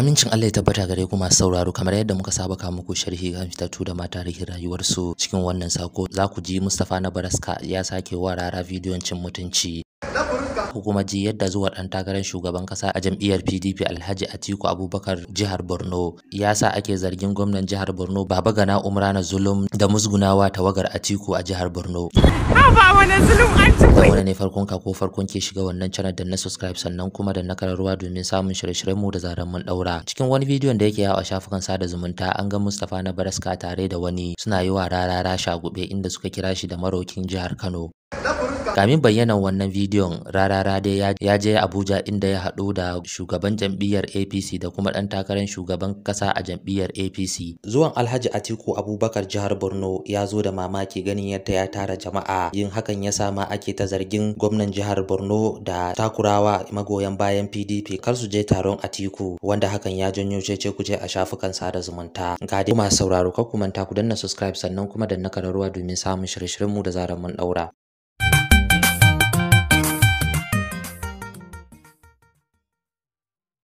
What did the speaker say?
Amincin Allah ya tabbata gare ku masu sauraro kamar yadda muka saba ka muku sharhi ga fitattu da mata tarihin rayuwarsu cikin wannan sako za ku ji mustafa na Baraska ya sake wa rara bidiyon cin mutunci. kuma ji yadda zuwa ɗan takarar shugaban ƙasa a jam'iyyar PDP Alhaji Atiku Abubakar jihar Borno ya sa ake zargin gwamnan jihar Borno Baba Gana Umrana Zulum da musgunawa tawagar Atiku a jihar Borno. Ba wani zulum an ci wanda ne farkon ka ko farkon ke shiga wannan channel da na subscribe sannan kuma da na kararruwa domin samun shirye-shiryen mu da zaran mun daura cikin wani bidiyon da yake yawo a shafukan sada zumunta an ga Mustafa na Baraska tare da wani suna yi wa rarara shagube inda suka kira shi da marokin jihar Kano Kamin bayyana wannan bidiyon rarara dai ya je Abuja inda ya haɗu da shugaban jam'iyyar APC da kuma ɗan takarar shugaban ƙasa a jam'iyyar APC. Zuwan Alhaji Atiku Abubakar jihar Borno ya zo da mamaki ganin yadda ya tara jama'a yin hakan ya sa ma ake ta zargin gwamnan jihar Borno da takurawa magoyan bayan PDP kar su je taron Atiku wanda hakan ya janyo cece kuce a shafukan sada zumunta. Ga dai masu sauraro kar ku manta ku danna subscribe sannan kuma da kararruwa domin samun shirye-shiryenmu da zarar mun ɗaura.